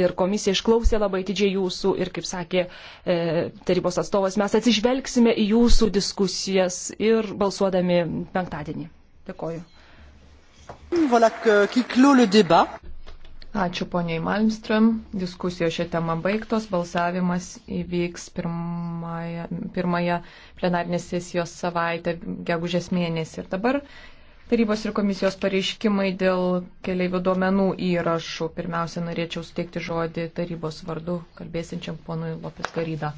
ir komisija išklausė labai didžiai jūsų ir, kaip sakė e, tarybos atstovas, mes atsižvelgsime į jūsų diskusijas ir balsuodami penktadienį. Dėkoju. Voilà, Ačiū poniai Malmström. Diskusijos šią temą baigtos. Balsavimas įvyks pirmąją, pirmąją plenarinės sesijos savaitę, gegužės mėnesį. Ir dabar Tarybos ir komisijos pareiškimai dėl keliaivių duomenų įrašų. Pirmiausia, norėčiau suteikti žodį tarybos vardu kalbėsinčiam ponui Lopis Garydą.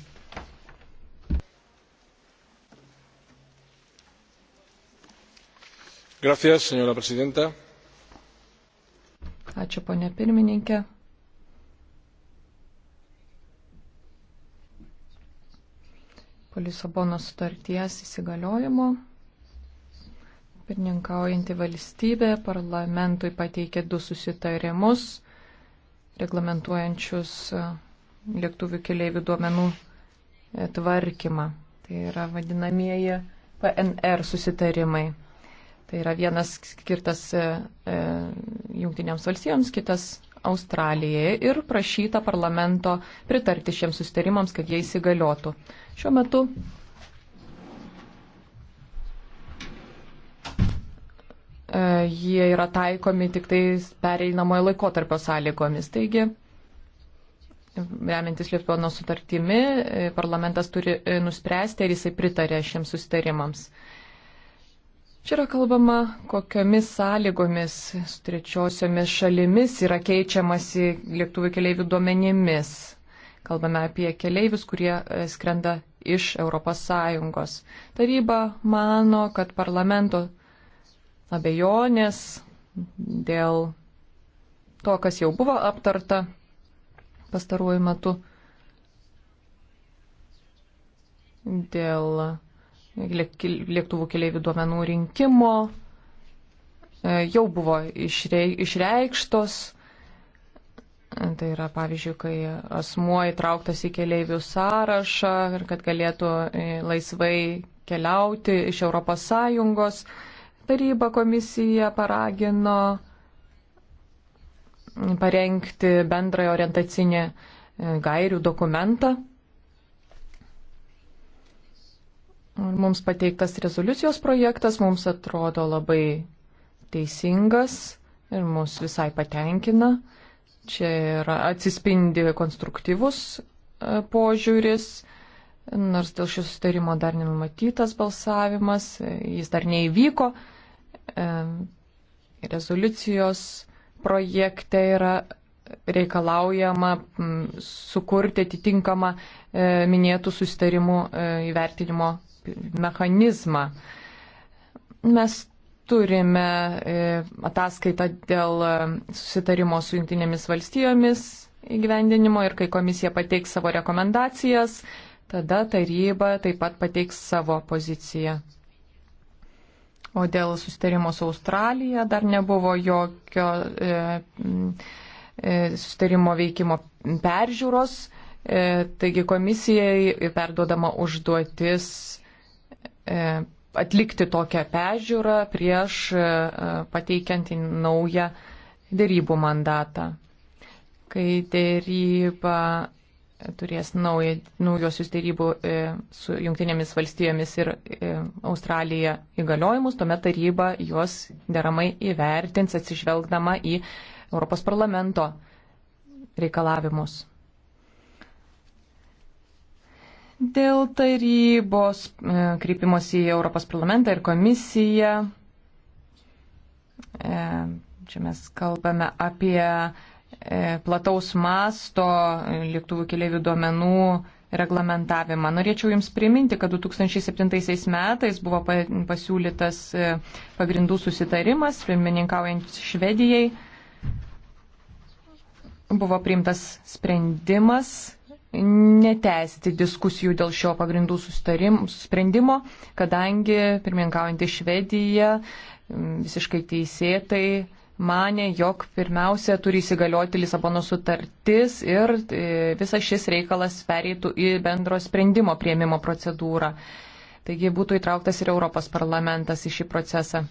Gracias, señora presidenta. Ačiū, ponė pirmininkė. Po Lisabono sutarties įsigaliojimo Pirmininkaujanti valstybė parlamentui pateikė du susitarimus reglamentuojančius e, lėktuvių keliaivių duomenų e, tvarkymą. Tai yra vadinamieji PNR susitarimai. Tai yra vienas skirtas e, e Junktinėms valstijoms, kitas Australijai ir prašyta parlamento pritarti šiems susitarimams, kad jie įsigaliotų. Šiuo metu E, jie yra taikomi tik tai pereinamojo laikotarpio sąlygomis. Taigi, remiantis Lietuvano sutartimi, e, parlamentas turi e, nuspręsti, ar jisai pritarė šiems sustarimams. Čia yra kalbama, kokiomis sąlygomis su trečiosiomis šalimis yra keičiamasi lėktuvų keliaivių duomenimis. Kalbame apie keliaivius, kurie skrenda iš ES. Taryba mano, kad parlamento abejonės dėl to, kas jau buvo aptarta pastaruoju metu, dėl lėktuvų keliaivių duomenų rinkimo, e, jau buvo išreikštos. Tai yra, pavyzdžiui, kai asmuo įtrauktas į keliaivių sąrašą ir kad galėtų e, laisvai keliauti iš ES Taryba komisija paragino parengti bendrąją orientacinį e, gairių dokumentą. Mums pateiktas rezoliucijos projektas mums atrodo labai teisingas ir mus visai patenkina. Čia yra atsispindi konstruktyvus e, požiūris, nors dėl šio sustarimo dar nenumatytas balsavimas, e, jis dar neįvyko rezoliucijos projekte yra reikalaujama sukurti atitinkamą e, minėtų sustarimų e, įvertinimo mechanizmą. Mes turime e, ataskaitą dėl susitarimo su jungtinėmis valstijomis įgyvendinimo ir kai komisija pateiks savo rekomendacijas, tada taryba taip pat pateiks savo poziciją. O dėl sustarimo su Australija dar nebuvo jokio e, e, sustarimo veikimo peržiūros. E, taigi komisijai perduodama užduotis e, atlikti tokią peržiūrą prieš e, e pateikiant į naują dėrybų mandatą. Kai dėryba turės naują, naujosius dėrybų e, su Junktinėmis valstijomis ir e, Australija įgaliojimus, tuomet taryba juos deramai įvertins atsižvelgdama į Europos parlamento reikalavimus. Dėl tarybos e, kreipimosi į Europos parlamentą ir komisiją. Čia mes kalbame apie E, plataus masto lėktuvų keliaivių duomenų reglamentavimą. Norėčiau Jums priminti, kad 2007 metais buvo pasiūlytas e, pagrindų susitarimas, pirmininkaujant Švedijai, buvo priimtas sprendimas netesti diskusijų dėl šio pagrindų sprendimo, kadangi pirmininkaujantį Švediją visiškai teisėtai mane, jog pirmiausia turi įsigalioti Lisabono sutartis ir e, visas šis reikalas pereitų į bendro sprendimo prieimimo procedūrą. Taigi būtų įtrauktas ir Europos parlamentas į šį procesą.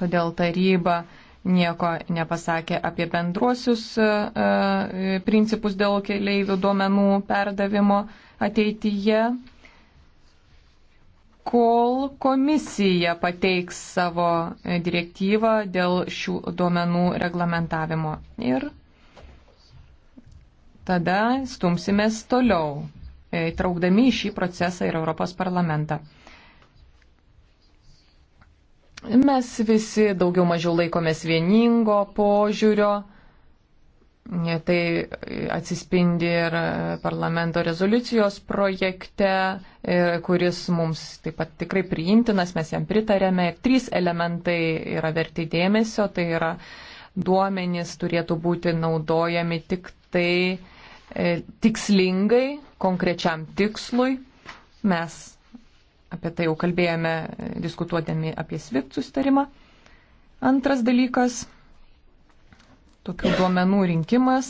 Todėl taryba nieko nepasakė apie bendruosius e, e, principus dėl keleivių duomenų perdavimo ateityje kol komisija pateiks savo e, direktyvą dėl šių duomenų reglamentavimo. Ir tada stumsimės toliau, e, traukdami į šį procesą ir Europos parlamentą. Mes visi daugiau mažiau laikomės vieningo požiūrio Tai atsispindi ir parlamento rezoliucijos projekte, kuris mums taip pat tikrai priimtinas, mes jam pritarėme. Ir trys elementai yra verti dėmesio, tai yra duomenys turėtų būti naudojami tik tai e, tikslingai, konkrečiam tikslui. Mes apie tai jau kalbėjome diskutuodami apie SWIFT sustarimą. Antras dalykas tokių duomenų rinkimas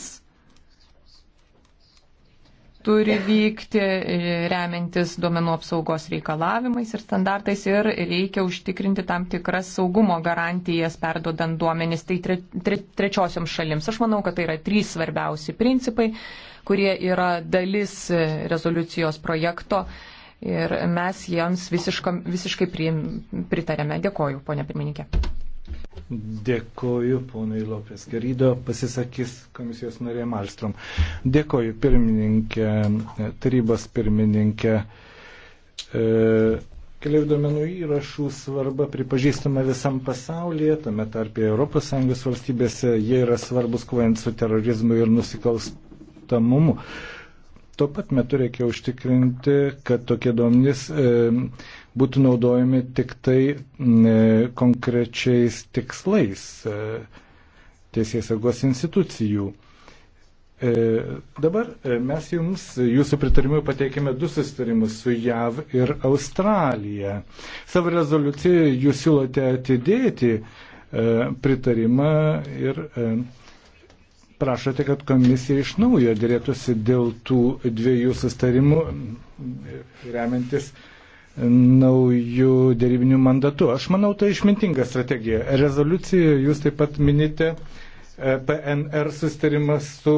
turi vykti e, remiantis duomenų apsaugos reikalavimais ir standartais ir reikia užtikrinti tam tikras saugumo garantijas perdodant duomenis tai tre, tre, trečiosiom šalims. Aš manau, kad tai yra trys svarbiausi principai, kurie yra dalis e, rezoliucijos projekto ir mes jiems visiškai, visiškai pritarėme. Dėkoju, ponia pirmininkė. Dėkoju, ponai Lopės Gerydo, pasisakys komisijos narė Malstrom. Dėkoju, pirmininkė, tarybos pirmininkė. E, Keliaivių duomenų įrašų svarba pripažįstama visam pasaulyje, tame tarpė ES valstybėse, jie yra svarbus kovojant su terorizmu ir nusikalstamumu. Tuo pat metu reikia užtikrinti, kad tokie duomenys e, būtų naudojami tik tai e, konkrečiais tikslais e, tiesiai saugos institucijų. E, dabar mes jums, jūsų pritarimu, pateikėme du sustarimus su JAV ir Australija. Savo rezoliucijoje jūs siūlote atidėti pritarimą ir prašote, kad komisija iš naujo dėrėtųsi dėl tų dviejų sustarimų, remiantis naujų dėrybinių mandatų. Aš manau, tai išmintinga strategija. Rezoliucijoje jūs taip pat minite e, PNR sustarimą su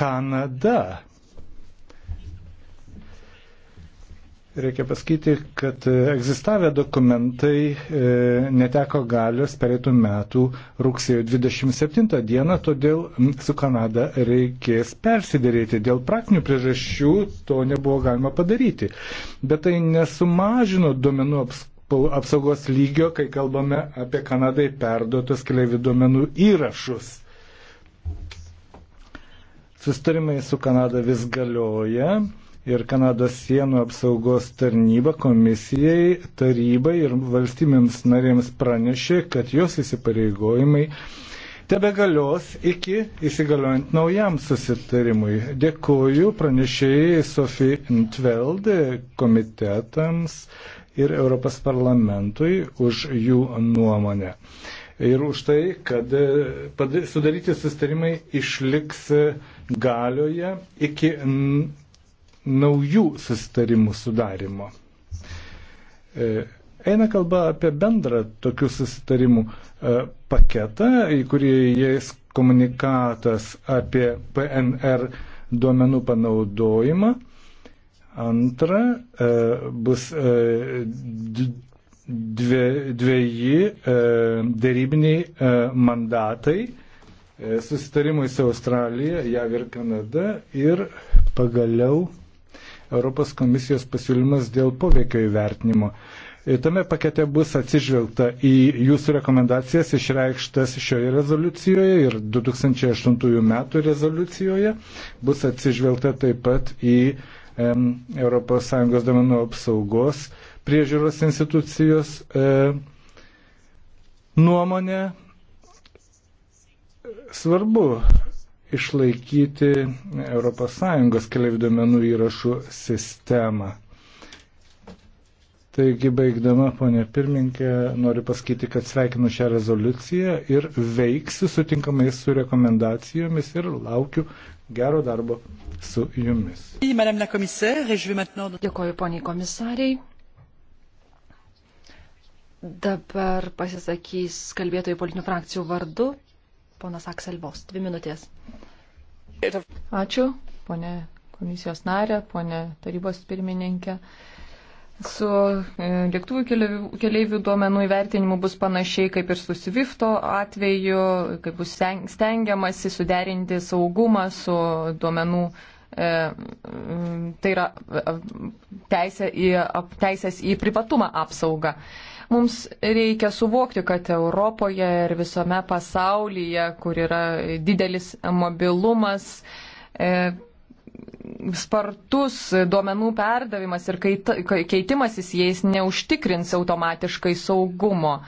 Kanada. Reikia pasakyti, kad egzistavę dokumentai e, neteko galios pereitų metų rugsėjo 27 dieną, todėl su Kanada reikės persidėrėti. Dėl praktinių priežasčių to nebuvo galima padaryti. Bet tai nesumažino duomenų apsaugos lygio, kai kalbame apie Kanadai perduotus keliaivių duomenų įrašus. Sustarimai su Kanada vis galioja ir Kanados sienų apsaugos tarnyba komisijai, tarybai ir valstybėms narėms pranešė, kad jos įsipareigojimai tebe galios iki įsigaliojant naujam susitarimui. Dėkuoju pranešėjai Sofie Intveld komitetams ir Europos parlamentui už jų nuomonę. Ir už tai, kad sudaryti sustarimai išliks galioje iki naujų susitarimų sudarimo. E, eina kalba apie bendrą tokių susitarimų e, paketą, į kurį jais komunikatas apie PNR duomenų panaudojimą. Antra, e, bus dviejį dėrybiniai mandatai susitarimui su Australija, JAV ir Kanada ir pagaliau Europos komisijos pasiūlymas dėl poveikio įvertinimo. E, tame pakete bus atsižvelgta į jūsų rekomendacijas išreikštas šioje rezoliucijoje ir 2008 metų rezoliucijoje. Bus atsižvelgta taip pat į em, ES domenų apsaugos priežiūros institucijos e, nuomonę. Svarbu išlaikyti ES keliaivių duomenų įrašų sistemą. Taigi, baigdama, ponė pirmininkė, noriu pasakyti, kad sveikinu šią rezoliuciją ir veiksiu sutinkamai su rekomendacijomis ir laukiu gero darbo su jumis. Dėkoju, poniai komisariai. Dabar pasisakys kalbėtojų politinių frakcijų vardu ponas Akselvos. Dvi minutės. Ačiū, ponė komisijos narė, ponė tarybos pirmininkė. Su e, lėktuvų keliaivių duomenų įvertinimu bus panašiai kaip ir su Svifto atveju, kaip bus stengiamasi suderinti saugumą su duomenų, e, tai yra teisė į, teisės į privatumą apsaugą. E, Mums reikia suvokti, kad Europoje ir visame pasaulyje, kur yra didelis mobilumas, e, spartus duomenų perdavimas ir keitimasis jais neužtikrins automatiškai saugumo. E,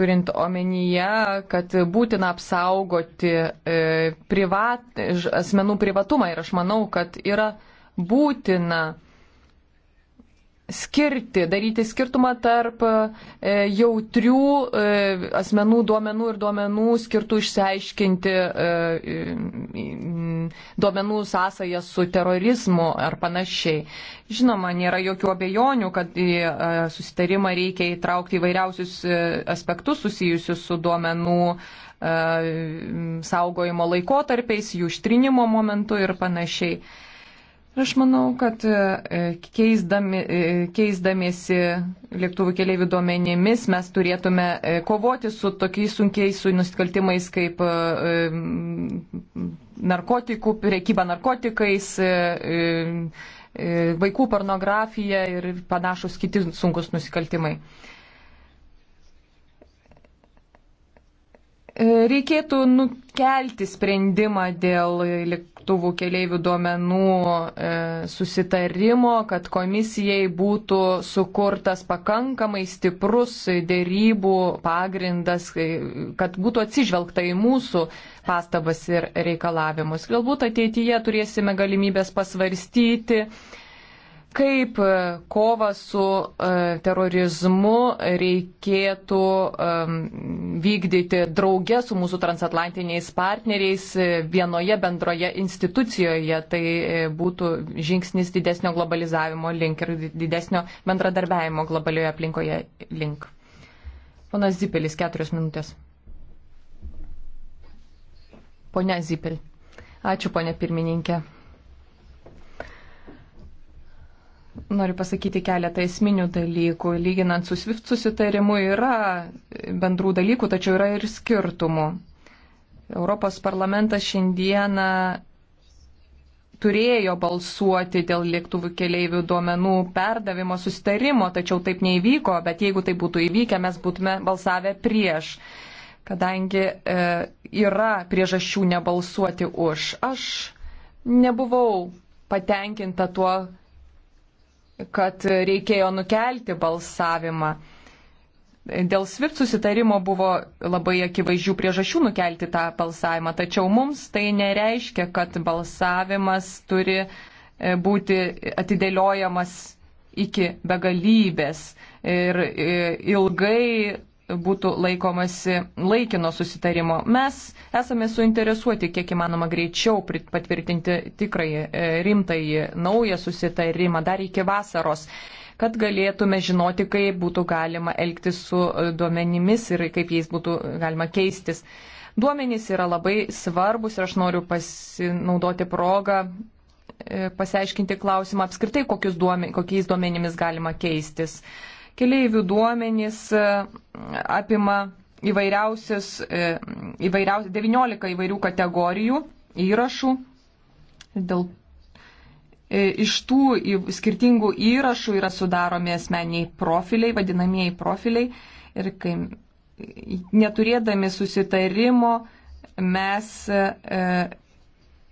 turint omenyje, kad būtina apsaugoti e, privat, asmenų privatumą ir aš manau, kad yra būtina skirti, daryti skirtumą tarp e, jautrių e, asmenų duomenų ir duomenų skirtų išsiaiškinti e, duomenų sąsają su terorizmu ar panašiai. Žinoma, nėra jokių abejonių, kad į susitarimą reikia įtraukti įvairiausius aspektus susijusius su duomenų saugojimo laikotarpiais, jų ištrinimo momentu ir panašiai. Aš manau, kad e, keisdami, e, keisdamiesi lėktuvų keliaivių duomenimis mes turėtume e, kovoti su tokiais sunkiais su nusikaltimais kaip narkotikų, priekyba narkotikais, vaikų pornografija ir panašus kiti sunkus nusikaltimai. reikėtų nukelti sprendimą dėl lėktuvų keliaivių duomenų e, susitarimo, kad komisijai būtų sukurtas pakankamai stiprus dėrybų pagrindas, e, kad būtų atsižvelgta į mūsų pastabas ir reikalavimus. Galbūt ateityje turėsime galimybės pasvarstyti, kaip e, kovą su e, terorizmu reikėtų vykdyti drauge su mūsų transatlantiniais partneriais e, vienoje bendroje institucijoje. Tai būtų žingsnis didesnio globalizavimo link ir didesnio bendradarbiavimo globalioje aplinkoje link. Ponas Zipelis, keturios minutės. Pone Zipel. Ačiū, ponė pirmininkė. Noriu pasakyti keletą esminių dalykų. Lyginant su SWIFT susitarimu yra bendrų dalykų, tačiau yra ir skirtumų. Europos parlamentas šiandieną turėjo balsuoti dėl lėktuvų keleivių duomenų perdavimo susitarimo, tačiau taip neįvyko, bet jeigu tai būtų įvykę, mes būtume balsavę prieš, kadangi e, yra priežasčių nebalsuoti už. Aš nebuvau patenkinta tuo, kad reikėjo nukelti balsavimą. Dėl SWIFT susitarimo buvo labai akivaizdžių priežasčių nukelti tą balsavimą, tačiau mums tai nereiškia, kad balsavimas turi e, būti atidėliojamas iki begalybės ir e, ilgai būtų laikomasi laikino susitarimo. Mes esame suinteresuoti, kiek įmanoma greičiau patvirtinti tikrai e, rimtai naują susitarimą dar iki vasaros kad galėtume žinoti, kaip būtų galima elgtis su e, duomenimis ir kaip jais būtų galima keistis. Duomenys yra labai svarbus ir aš noriu pasinaudoti progą e, pasiaiškinti klausimą apskritai, duomen, kokiais duomenimis galima keistis. Uh, Keleivių duomenys e, apima įvairiausias, e, įvairiausias, 19 įvairių kategorijų įrašų. Dėl e, Iš tų skirtingų įrašų yra sudaromi asmeniai profiliai, vadinamieji profiliai. Ir kai neturėdami susitarimo mes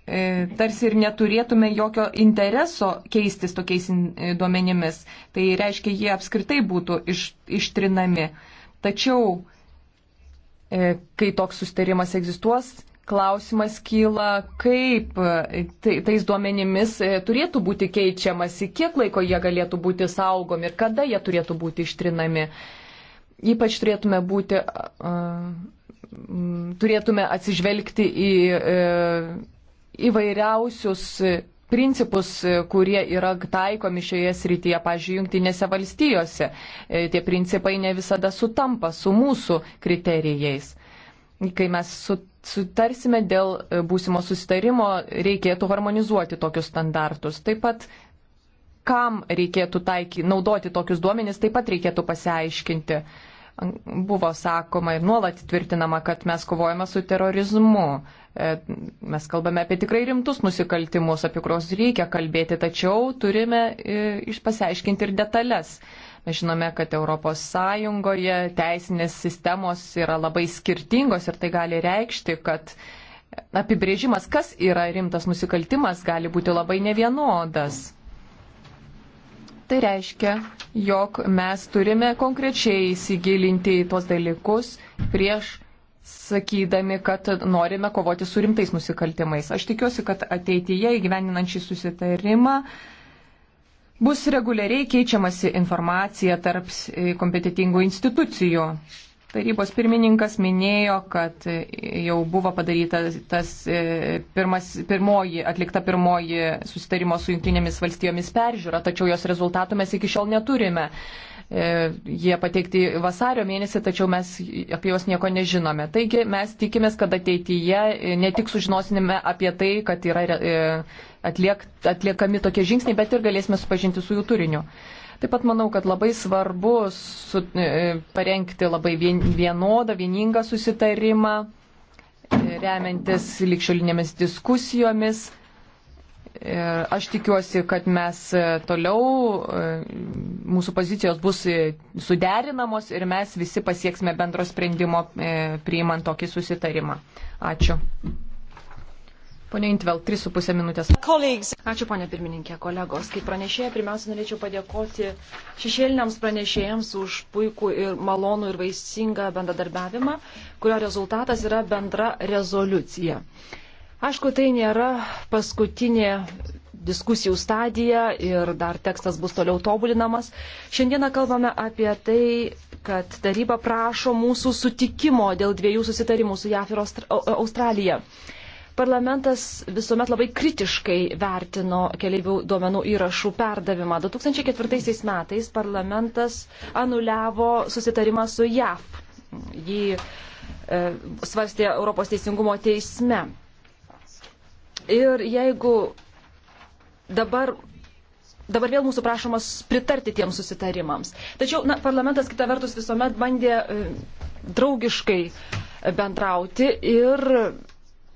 E, tarsi ir neturėtume jokio intereso keistis tokiais e, duomenimis. Tai reiškia, jie apskritai būtų iš, ištrinami. Tačiau, e, kai toks sustarimas egzistuos, klausimas kyla, kaip tai, tais duomenimis turėtų būti keičiamasi, kiek laiko jie galėtų būti saugomi ir kada jie turėtų būti ištrinami. Ypač turėtume būti. Uh, Turėtume atsižvelgti į e, uh, įvairiausius e, principus, e, kurie yra taikomi šioje srityje, pažiūrėjau, jungtinėse valstijose. E, tie principai ne visada sutampa su mūsų kriterijais. Kai mes sutarsime dėl būsimo susitarimo, reikėtų harmonizuoti tokius standartus. Taip pat, kam reikėtų taiky, naudoti tokius duomenis, taip pat reikėtų pasiaiškinti buvo sakoma ir nuolat tvirtinama, kad mes kovojame su terorizmu. E, mes kalbame apie tikrai rimtus nusikaltimus, apie kuriuos reikia kalbėti, tačiau turime e, išpasiaiškinti ir detalės. Mes žinome, kad ES teisinės sistemos yra labai skirtingos ir tai gali reikšti, kad apibrėžimas, kas yra rimtas nusikaltimas, gali būti labai nevienodas. Tai reiškia, jog mes turime konkrečiai įsigilinti į tuos dalykus prieš sakydami, kad norime kovoti su rimtais nusikaltimais. Aš tikiuosi, kad ateityje įgyveninant šį susitarimą bus reguliariai keičiamasi informacija tarp kompetitingų institucijų tarybos pirmininkas minėjo, kad jau buvo padaryta tas e, pirmas, pirmoji, atlikta pirmoji susitarimo su jungtinėmis valstijomis peržiūra, tačiau jos rezultatų mes iki šiol neturime. E, jie pateikti vasario mėnesį, tačiau mes apie juos nieko nežinome. Taigi mes tikimės, kad ateityje e, ne tik sužinosime apie tai, kad yra atliek, atliekami tokie žingsniai, bet ir galėsime supažinti su jų turiniu. Taip pat manau, kad labai svarbu su, e, parengti labai vien, vienodą, vieningą susitarimą, e, remiantis likščiolinėmis diskusijomis. E, aš tikiuosi, kad mes toliau, mūsų pozicijos bus suderinamos ir mes visi pasieksime bendro sprendimo priimant tokį susitarimą. Ačiū. Pone Intvel, 3,5 minutės. Colleagues. Ačiū, ponė pirmininkė, kolegos. Kaip pranešėja, pirmiausia, norėčiau padėkoti šešėliniams pranešėjams už puikų ir malonų ir vaisingą bendradarbiavimą, kurio rezultatas yra bendra rezoliucija. Aišku, tai nėra paskutinė diskusijų stadija ir dar tekstas bus toliau tobulinamas. Šiandieną kalbame apie tai, kad taryba prašo mūsų sutikimo dėl dviejų susitarimų su JAF ir Australija. Austra Parlamentas visuomet labai kritiškai vertino keliaivių duomenų įrašų perdavimą. 2004 metais parlamentas anuliavo susitarimą su JAF. Jį e, svarstė Europos teisingumo teisme. Ir jeigu dabar dabar vėl mūsų prašomas pritarti tiems susitarimams. Tačiau na, parlamentas kita vertus visuomet bandė e, draugiškai e, bendrauti ir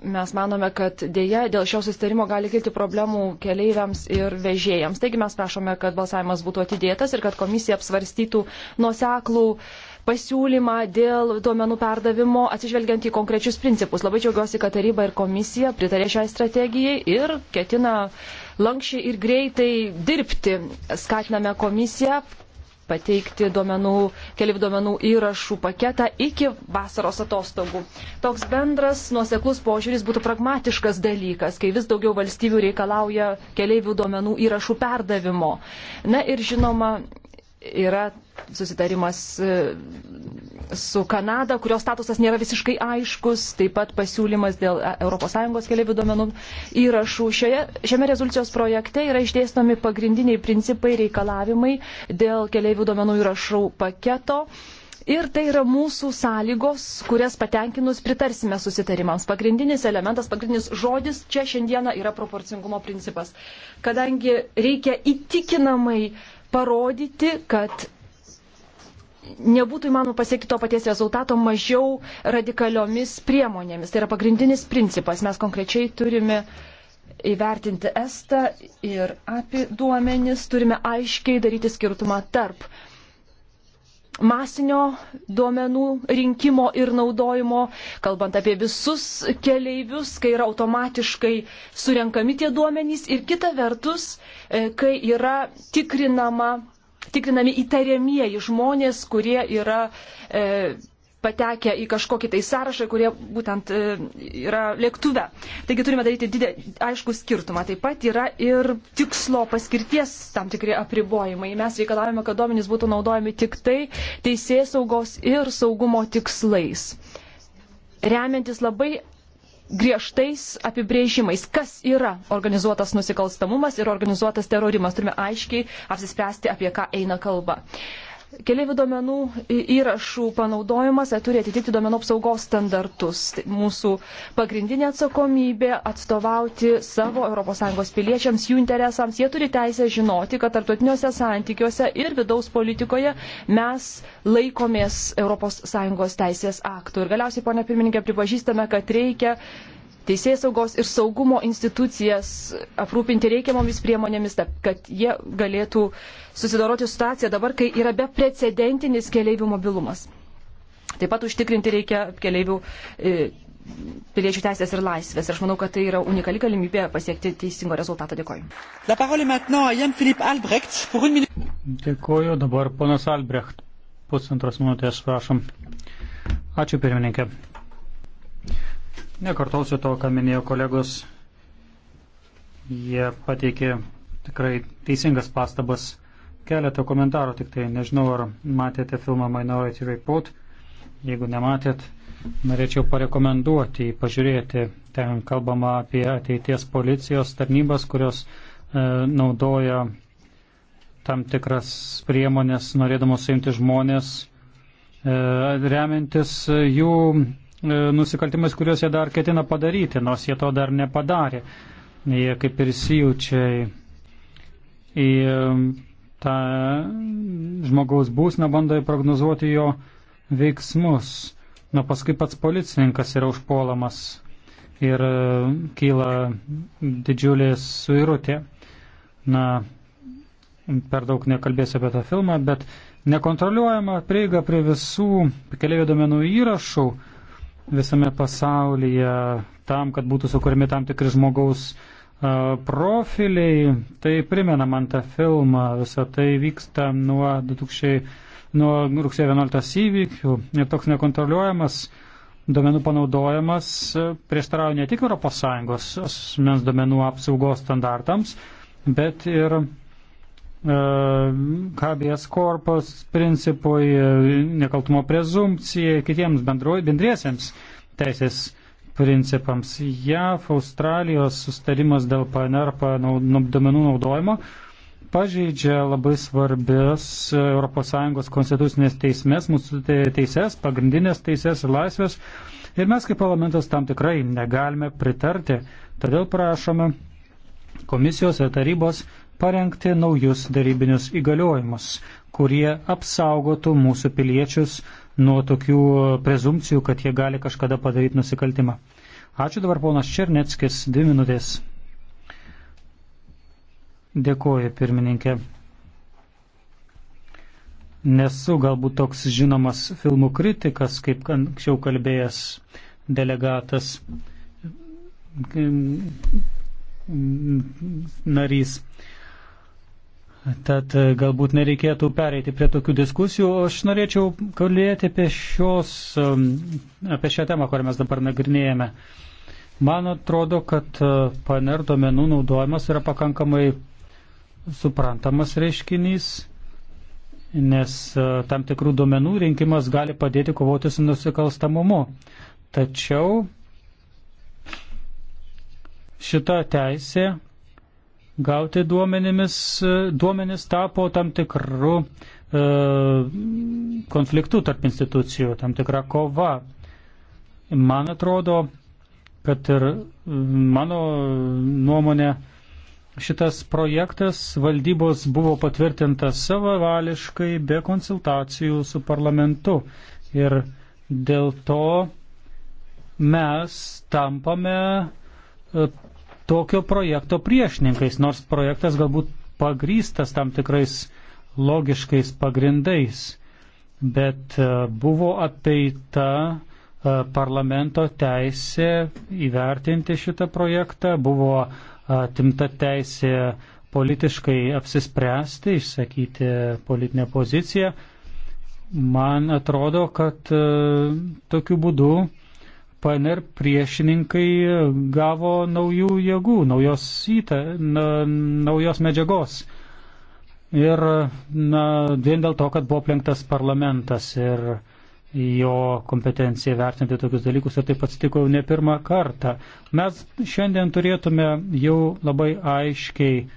mes manome, kad dėja dėl šio sustarimo gali kilti problemų keleiviams ir vežėjams. Taigi mes prašome, kad balsavimas būtų atidėtas ir kad komisija apsvarstytų nuoseklų pasiūlymą dėl duomenų perdavimo atsižvelgiant į konkrečius principus. Labai džiaugiuosi, kad taryba ir komisija pritarė šiai strategijai ir ketina lankščiai ir greitai dirbti. Skatiname komisiją pateikti duomenų, keliaivių duomenų įrašų paketą iki vasaros atostogų. Toks bendras nuoseklus požiūris būtų pragmatiškas dalykas, kai vis daugiau valstybių reikalauja keliaivių duomenų įrašų perdavimo. Na ir žinoma, yra susitarimas su Kanada, kurios statusas nėra visiškai aiškus, taip pat pasiūlymas dėl ES keliaivių duomenų įrašų. Šioje, šiame rezoliucijos projekte yra išdėstomi pagrindiniai principai reikalavimai dėl keliaivių duomenų įrašų paketo. Ir tai yra mūsų sąlygos, kurias patenkinus pritarsime susitarimams. Pagrindinis elementas, pagrindinis žodis čia šiandieną yra proporcingumo principas. Kadangi reikia įtikinamai parodyti, kad nebūtų įmanoma pasiekti to paties rezultato mažiau radikaliomis priemonėmis. Tai yra pagrindinis principas. Mes konkrečiai turime įvertinti ESTA ir API duomenis, turime aiškiai daryti skirtumą tarp masinio duomenų rinkimo ir naudojimo, kalbant apie visus keleivius, kai yra automatiškai surenkami tie duomenys ir kita vertus, e, kai yra tikrinama tikrinami įtariamieji žmonės, kurie yra e, patekę į kažkokį tai sąrašą, kurie būtent e, yra lėktuve. Taigi turime daryti didelį aišku skirtumą. Taip pat yra ir tikslo paskirties tam tikri apribojimai. Mes reikalavome, kad duomenys būtų naudojami tik tai teisės saugos ir saugumo tikslais. Remiantis labai griežtais apibrėžimais, kas yra organizuotas nusikalstamumas ir organizuotas terorimas. Turime aiškiai apsispręsti, apie ką eina kalba. Uh, Keliaivių duomenų įrašų panaudojimas e, turi atitikti duomenų apsaugos standartus. Tai mūsų pagrindinė atsakomybė atstovauti savo ES piliečiams, jų interesams. Jie turi teisę žinoti, kad tarptautiniuose santykiuose ir vidaus politikoje mes laikomės ES teisės aktų. Ir galiausiai, ponia pirmininkė, pripažįstame, kad reikia teisės saugos ir saugumo institucijas aprūpinti reikiamomis priemonėmis, kad jie galėtų susidoroti situaciją dabar, kai yra beprecedentinis keliaivių mobilumas. Taip pat užtikrinti reikia keliaivių e, piliečių teisės ir laisvės. Aš manau, kad tai yra unikali galimybė pasiekti teisingo rezultato. Dėkoju. Dėkoju. Dabar ponas Albrecht. Pusantros minutės, prašom. Ačiū pirmininkė. Nekartosiu to, ką minėjo kolegos. Jie pateikė tikrai teisingas pastabas. Keletą komentarų tik tai. Nežinau, ar matėte filmą Minority Report. Jeigu nematėt, norėčiau parekomenduoti, pažiūrėti. Ten kalbama apie ateities policijos tarnybas, kurios e, naudoja tam tikras priemonės, norėdamos suimti žmonės, e, remiantis jų E, nusikaltimais, kuriuos jie dar ketina padaryti, nors jie to dar nepadarė. Jie kaip ir įsijaučia į e, tą žmogaus būsną, bando įprognozuoti jo veiksmus. Na paskui pats policininkas yra užpuolamas ir e, kyla didžiulė suirutė. Na, per daug nekalbėsiu apie tą filmą, bet nekontroliuojama prieiga prie visų keliaivių domenų įrašų visame pasaulyje tam, kad būtų sukūrimi tam tikri žmogaus profiliai. Tai primena man tą filmą, visą tai vyksta nuo 2000 nuo rugsėjo 11 įvykių ir toks nekontroliuojamas duomenų panaudojimas prieštarauja ne tik ES asmens duomenų apsaugos standartams, bet ir E, habeas corpus principui, e, nekaltumo prezumcijai, kitiems bendruoj, bendriesiems teisės principams. JAV, Australijos sustarimas dėl PNR nu, duomenų naudojimo pažeidžia labai svarbias ES konstitucinės teismės, mūsų teises, pagrindinės teises ir laisvės. Ir mes kaip parlamentas tam tikrai negalime pritarti. Todėl prašome komisijos ir tarybos parengti naujus darybinius įgaliojimus, kurie apsaugotų mūsų piliečius nuo tokių prezumcijų, kad jie gali kažkada padaryti nusikaltimą. Ačiū dabar ponas Černeckis, dvi minutės. Dėkuoju, pirmininkė. Nesu galbūt toks žinomas filmų kritikas, kaip anksčiau kalbėjęs delegatas mm, narys. Tad e, galbūt nereikėtų pereiti prie tokių diskusijų. Aš norėčiau kalbėti apie, šios, apie šią temą, kurią mes dabar nagrinėjame. Man atrodo, kad e, PNR duomenų naudojimas yra pakankamai suprantamas reiškinys, nes e, tam tikrų duomenų rinkimas gali padėti kovoti su nusikalstamumu. Tačiau šita teisė gauti duomenimis, e, duomenis tapo tam tikru e, konfliktu tarp institucijų, tam tikra kova. Man atrodo, kad ir mano nuomonė šitas projektas valdybos buvo patvirtintas savavališkai be konsultacijų su parlamentu. Ir dėl to mes tampame e, tokio projekto priešininkais, nors projektas galbūt pagrystas tam tikrais logiškais pagrindais, bet e, buvo apeita e, parlamento teisė įvertinti šitą projektą, buvo e, atimta teisė politiškai apsispręsti, išsakyti politinę poziciją. Man atrodo, kad tokiu būdu PNR priešininkai gavo naujų jėgų, naujos, įta, na, naujos medžiagos. Ir na, vien dėl to, kad buvo aplenktas parlamentas ir jo kompetencija vertinti tokius dalykus ir taip atsitiko ne pirmą kartą. Mes šiandien turėtume jau labai aiškiai e,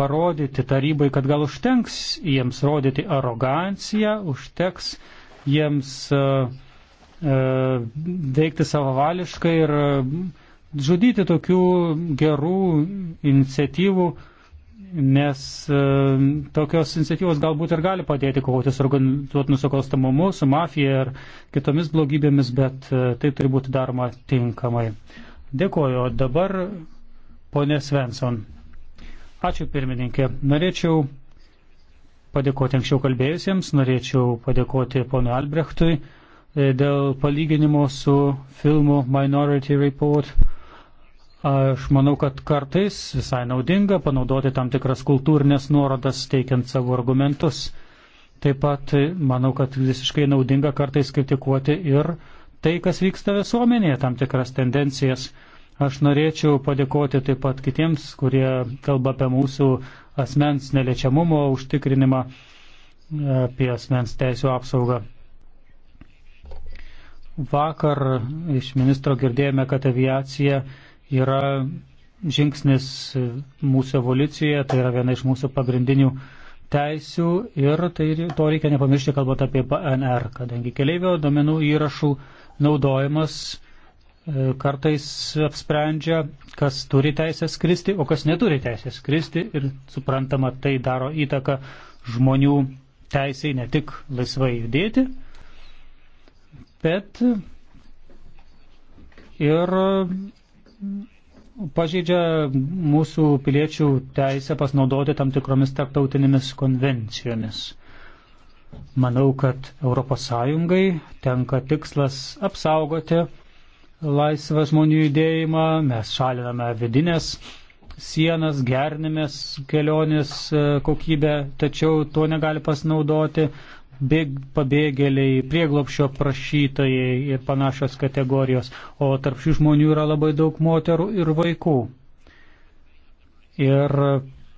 parodyti tarybai, kad gal užtenks jiems rodyti aroganciją, užteks jiems uh, E, veikti savavališkai ir e, žudyti tokių gerų iniciatyvų, nes e, tokios iniciatyvos galbūt ir gali padėti kovoti su organizuotų nusikalstamumu, su mafija ir kitomis blogybėmis, bet tai turi būti daroma tinkamai. Dėkuoju. Dabar ponė Svensson. Ačiū pirmininkė. Norėčiau padėkoti anksčiau kalbėjusiems, norėčiau padėkoti ponui Albrechtui E, dėl palyginimo su filmu Minority Report. Aš manau, kad kartais visai naudinga panaudoti tam tikras kultūrinės nuorodas, teikiant savo argumentus. Taip pat e, manau, kad visiškai naudinga kartais kritikuoti ir tai, kas vyksta visuomenėje, tam tikras tendencijas. Aš norėčiau padėkoti taip pat kitiems, kurie kalba apie mūsų asmens neliečiamumo užtikrinimą, e, apie asmens teisų apsaugą. Vakar iš ministro girdėjome, kad aviacija yra žingsnis mūsų evoliucijoje, tai yra viena iš mūsų pagrindinių teisių ir tai, to reikia nepamiršti, kalbant apie PNR, kadangi keleivio domenų įrašų naudojimas e, kartais apsprendžia, kas turi teisę skristi, o kas neturi teisę skristi ir suprantama, tai daro įtaką žmonių teisiai ne tik laisvai judėti, bet ir pažeidžia mūsų piliečių teisę pasinaudoti tam tikromis tarptautinėmis konvencijomis. Manau, kad ES tenka tikslas apsaugoti laisvą žmonių judėjimą, mes šaliname vidinės sienas, gernimės kelionės e, kokybę, tačiau tuo negali pasinaudoti bėg, pabėgėliai, prieglopšio prašytojai ir panašios kategorijos, o tarp šių žmonių yra labai daug moterų ir vaikų. Ir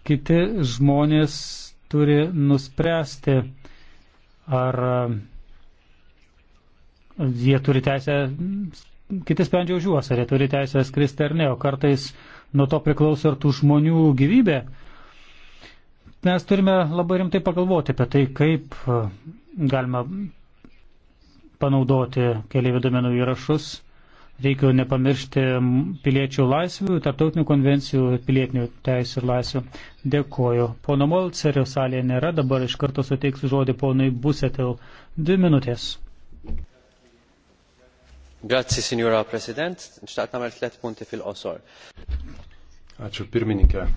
kiti žmonės turi nuspręsti, ar e, jie turi teisę, kiti sprendžia už juos, ar jie turi teisę skristi ar ne, o kartais nuo to priklauso ir tų žmonių gyvybė. Mes turime labai rimtai pagalvoti apie tai, kaip e, galima panaudoti keliaivių domenų įrašus. Reikia nepamiršti piliečių laisvių, tarptautinių konvencijų, pilietinių teisų ir laisvių. Dėkoju. Pono Molcerio salėje nėra, dabar iš karto suteiksiu žodį ponui Busetil. Dvi minutės. Grazie, signora President. Ačiū pirmininkė.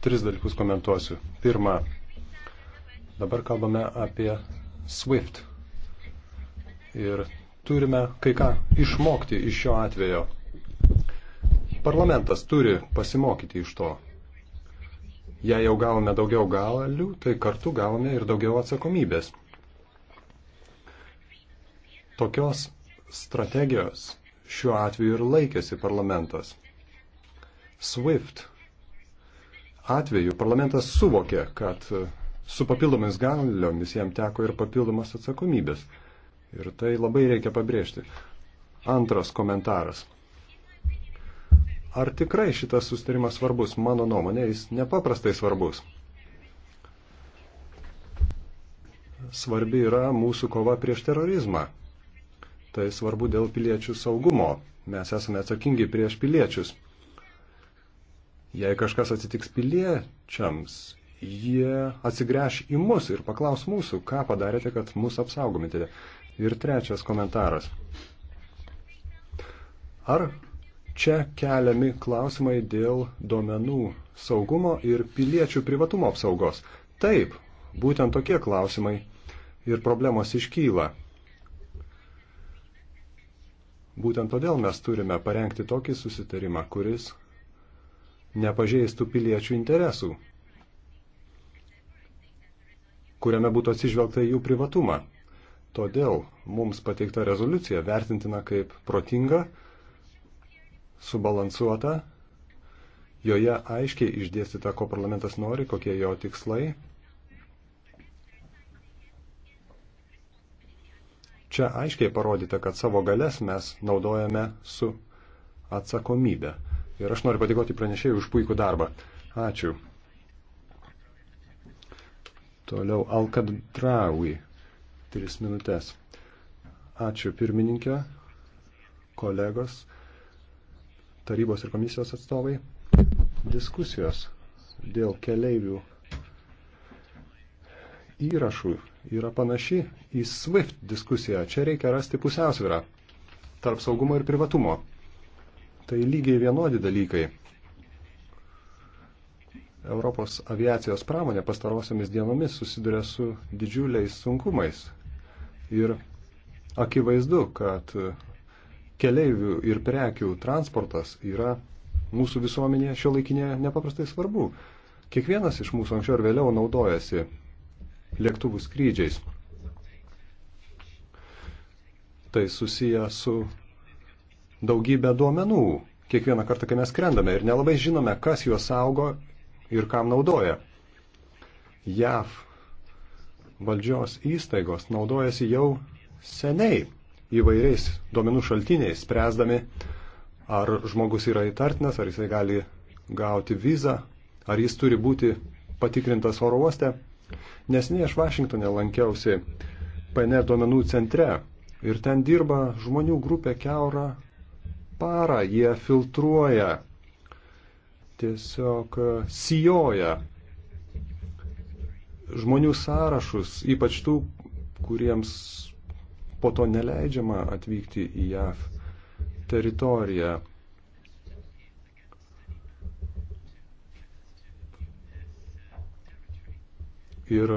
Tris dalykus komentuosiu. Pirma, dabar kalbame apie SWIFT. Ir turime kai ką išmokti iš šio atvejo. Parlamentas turi pasimokyti iš to. Jei jau gavome daugiau galių, tai kartu gavome ir daugiau atsakomybės. Tokios strategijos šiuo atveju ir laikėsi parlamentas. SWIFT atveju parlamentas suvokė, kad su papildomis galiomis jam teko ir papildomas atsakomybės. Ir tai labai reikia pabrėžti. Antras komentaras. Ar tikrai šitas sustarimas svarbus? Mano nuomonė, jis nepaprastai svarbus. Svarbi yra mūsų kova prieš terorizmą. Tai svarbu dėl piliečių saugumo. Mes esame atsakingi prieš piliečius. Jei kažkas atsitiks piliečiams, jie atsigręš į mus ir paklaus mūsų, ką padarėte, kad mus apsaugomite. Ir trečias komentaras. Ar čia keliami klausimai dėl duomenų saugumo ir piliečių privatumo apsaugos? Taip, būtent tokie klausimai ir problemos iškyla. Būtent todėl mes turime parengti tokį susitarimą, kuris nepažeistų piliečių interesų, kuriame būtų atsižvelgta jų privatumą. Todėl mums pateikta rezoliucija vertintina kaip protinga, subalansuota, joje aiškiai išdėstyta, ko parlamentas nori, kokie jo tikslai. Čia aiškiai parodyta, kad savo galės mes naudojame su atsakomybė. Ir aš noriu padėkoti pranešėjui už puikų darbą. Ačiū. Toliau Alkadraui. Tris minutės. Ačiū pirmininkė, kolegos, tarybos ir komisijos atstovai. Diskusijos dėl keleivių įrašų yra panaši į SWIFT diskusiją. Čia reikia rasti pusiausvyrą tarp saugumo ir privatumo. Tai lygiai vienodi dalykai. Europos aviacijos pramonė pastarosiamis dienomis susiduria su didžiuliais sunkumais. Ir akivaizdu, kad keleivių ir prekių transportas yra mūsų visuomenėje šio laikinėje nepaprastai svarbu. Kiekvienas iš mūsų anksčiau ir vėliau naudojasi lėktuvų skrydžiais. Tai susiję su daugybę duomenų kiekvieną kartą, kai mes krendame ir nelabai žinome, kas juos saugo ir kam naudoja. JAV valdžios įstaigos naudojasi jau seniai įvairiais duomenų šaltiniais, spręsdami, ar žmogus yra įtartinas, ar jisai gali gauti vizą, ar jis turi būti patikrintas oro uoste. Nesiniai aš Vašingtonė lankiausi PNR duomenų centre ir ten dirba žmonių grupė keura parą, jie filtruoja, tiesiog e, sijoja žmonių sąrašus, ypač tų, kuriems po to neleidžiama atvykti į JAV teritoriją. Ir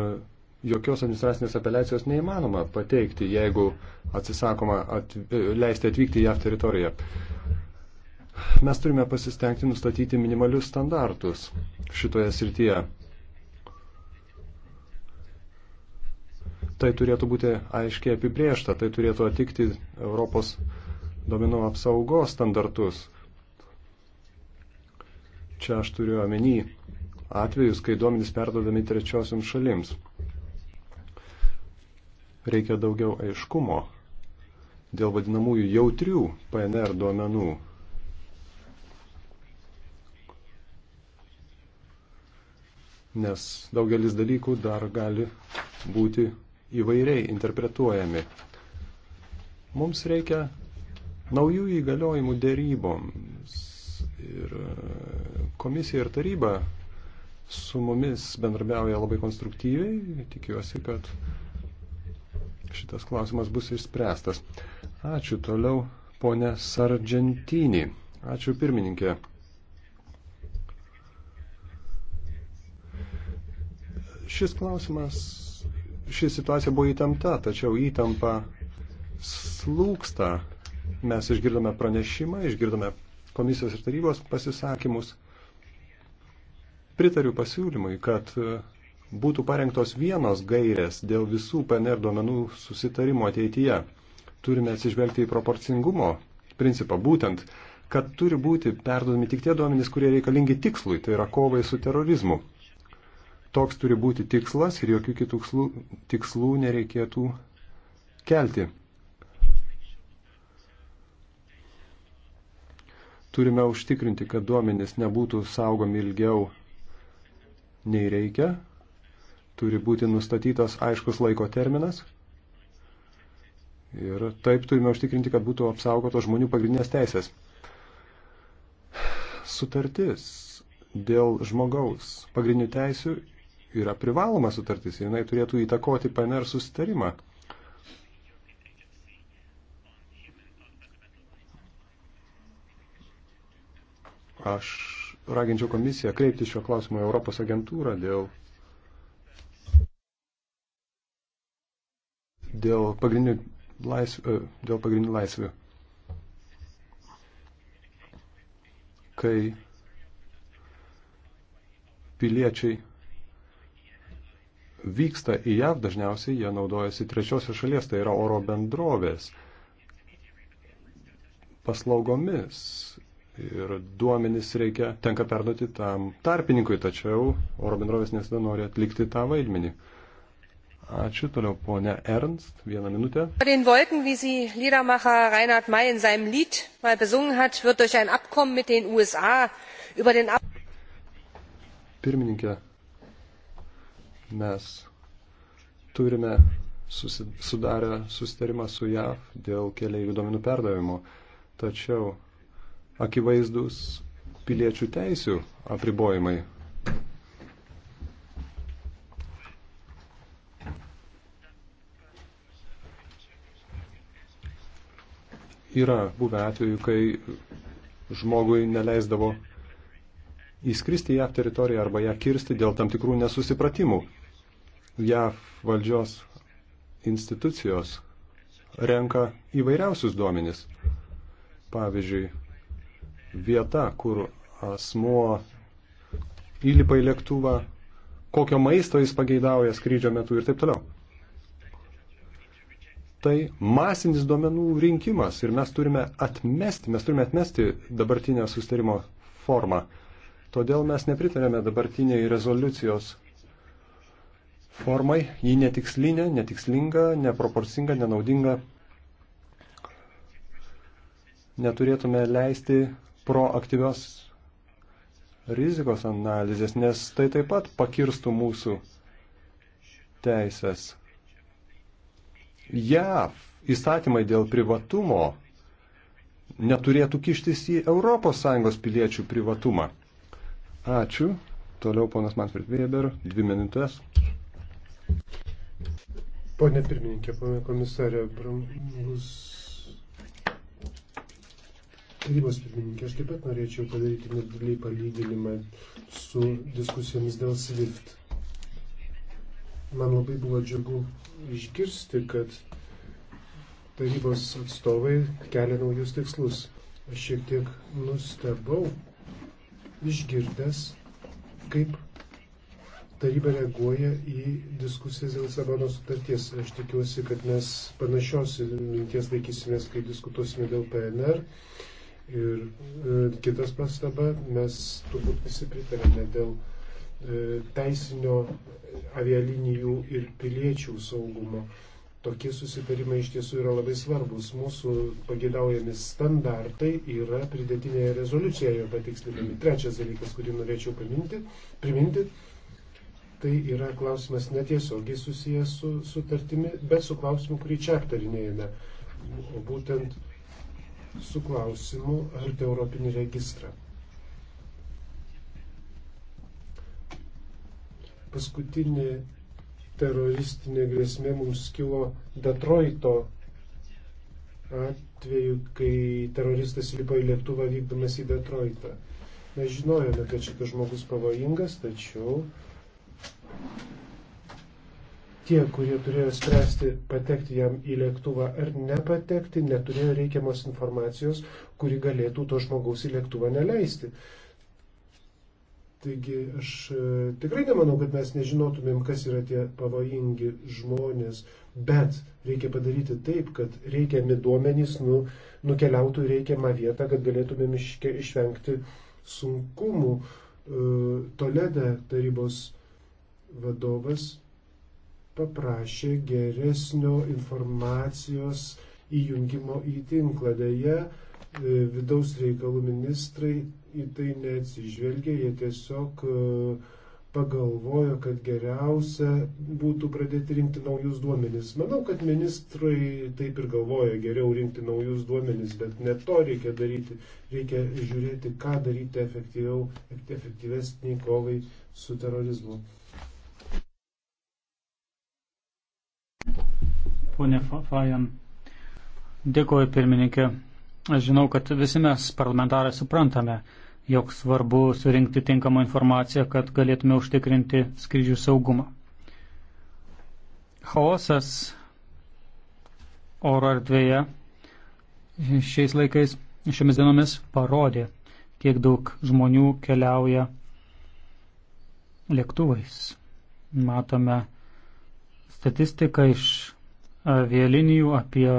jokios administracinės apeliacijos neįmanoma pateikti, jeigu atsisakoma at, leisti atvykti į JAV teritoriją. Mes turime pasistengti nustatyti minimalius standartus šitoje srityje. Tai turėtų būti aiškiai apibriešta, tai turėtų atikti Europos domenų apsaugos standartus. Čia aš turiu omeny atvejus, kai duomenys perdodami trečiosiam šalims. Reikia daugiau aiškumo dėl vadinamųjų jautrių PNR duomenų. Nes daugelis dalykų dar gali būti įvairiai interpretuojami. Mums reikia naujų įgaliojimų dėryboms. Ir e, komisija ir taryba su mumis bendrabiauja labai konstruktyviai. Tikiuosi, kad šitas klausimas bus išspręstas. Ačiū toliau, ponė Sargentinį. Ačiū pirmininkė. Šis klausimas, ši situacija buvo įtempta, tačiau įtampa slūksta. Mes išgirdome pranešimą, išgirdome komisijos ir tarybos pasisakymus. Pritariu pasiūlymui, kad būtų parengtos vienos gairės dėl visų PNR duomenų susitarimo ateityje. Turime atsižvelgti į proporcingumo principą būtent, kad turi būti perduodami tik tie duomenys, kurie reikalingi tikslui, tai yra kovai su terorizmu. Toks turi būti tikslas ir jokių kitų tikslų, tikslų nereikėtų kelti. Turime užtikrinti, kad duomenys nebūtų saugomi ilgiau nei reikia, turi būti nustatytas aiškus laiko terminas. Ir taip turime užtikrinti, kad būtų apsaugotos žmonių pagrindinės teisės. Sutartis dėl žmogaus pagrindinių teisių yra privaloma sutartis ir jinai turėtų įtakoti PNR susitarimą. Aš raginčiau komisiją kreipti šio klausimo Europos agentūrą dėl dėl pagrindinių laisvių. E, dėl pagrindinių laisvių. Kai piliečiai vyksta į JAV, dažniausiai jie naudojasi trečiosios šalies, tai yra oro bendrovės paslaugomis. Ir duomenys reikia, tenka perduoti tam tarpininkui, tačiau oro bendrovės nesada nori atlikti tą vaidmenį. Ačiū toliau, ponia Ernst, vieną minutę. Bei den Wolken, wie sie Liedermacher Reinhard May in seinem Lied mal besungen hat, wird durch ein Abkommen mit den USA über den Ab Pirmininkė, mes turime susi sudarę susitarimą su JAV dėl keliaivių duomenų perdavimo, tačiau akivaizdus piliečių teisių apribojimai Yra buvę atveju, kai žmogui neleisdavo įskristi į JAV teritoriją arba ją kirsti dėl tam tikrų nesusipratimų. JAV valdžios institucijos renka įvairiausius duomenis. Pavyzdžiui, vieta, kur asmuo įlipa į lėktuvą, kokio maisto jis pageidauja skrydžio metu ir taip toliau tai masinis duomenų rinkimas ir mes turime atmesti, mes turime atmesti dabartinę sustarimo formą. Todėl mes nepritarėme dabartiniai rezoliucijos formai. Ji netikslinė, netikslinga, neproporcinga, nenaudinga. Neturėtume leisti proaktyvios rizikos analizės, nes tai taip pat pakirstų mūsų teisės. JAV įstatymai dėl privatumo neturėtų kištis į ES piliečių privatumą. Ačiū. Toliau ponas Manfred Weber, dvi minutės. Pone pirmininkė, pone komisarė, brangus tarybos pirmininkė, aš taip pat norėčiau padaryti nedidelį palyginimą su diskusijomis dėl SWIFT. Man labai buvo džiugu išgirsti, kad tarybos atstovai kelia naujus tikslus. Aš šiek tiek nustebau išgirdęs, kaip taryba reaguoja į diskusijas dėl Sabonos sutarties. Aš tikiuosi, kad mes panašios minties laikysimės, kai diskutuosime dėl PNR. Ir e, kitas pastaba, mes turbūt visi pritarėme dėl E, teisinio avialinijų ir piliečių saugumo. Tokie susitarimai iš tiesų yra labai svarbus. Mūsų pagėdaujami standartai yra pridėtinėje rezoliucijoje patikslinami. Trečias dalykas, kurį norėčiau paminti, priminti, tai yra klausimas netiesiogiai susijęs su sutartimi, bet su klausimu, kurį čia aptarinėjame. O būtent su klausimu, ar tai Europinį registrą. Paskutinė teroristinė grėsmė mums kilo Detroito atveju, kai teroristas lipo į lėktuvą vykdamas į Detroitą. Mes žinojome, kad šitas žmogus pavojingas, tačiau tie, kurie turėjo spręsti patekti jam į lėktuvą ar nepatekti, neturėjo reikiamos informacijos, kuri galėtų to žmogaus į lėktuvą neleisti. Taigi aš e, tikrai nemanau, kad mes nežinotumėm, kas yra tie pavojingi žmonės, bet reikia padaryti taip, kad reikiami duomenys nu, nukeliautų į reikiamą vietą, kad galėtumėm iške, išvengti sunkumų. E, Toledė tarybos vadovas paprašė geresnio informacijos įjungimo į tinklą. Deja, E, vidaus reikalų ministrai į tai neatsižvelgė, jie tiesiog e, pagalvojo, kad geriausia būtų pradėti rinkti naujus duomenis. Manau, kad ministrai taip ir galvoja, geriau rinkti naujus duomenis, bet ne to reikia daryti, reikia žiūrėti, ką daryti efektyviau, efektyvesniai kovai su terorizmu. Pone Fajan, dėkoju pirmininkė. Aš žinau, kad visi mes parlamentarai suprantame, jog svarbu surinkti tinkamą informaciją, kad galėtume užtikrinti skrydžių saugumą. Chaosas oro erdvėje šiais laikais, šiomis dienomis parodė, kiek daug žmonių keliauja lėktuvais. Matome statistiką iš avialinijų apie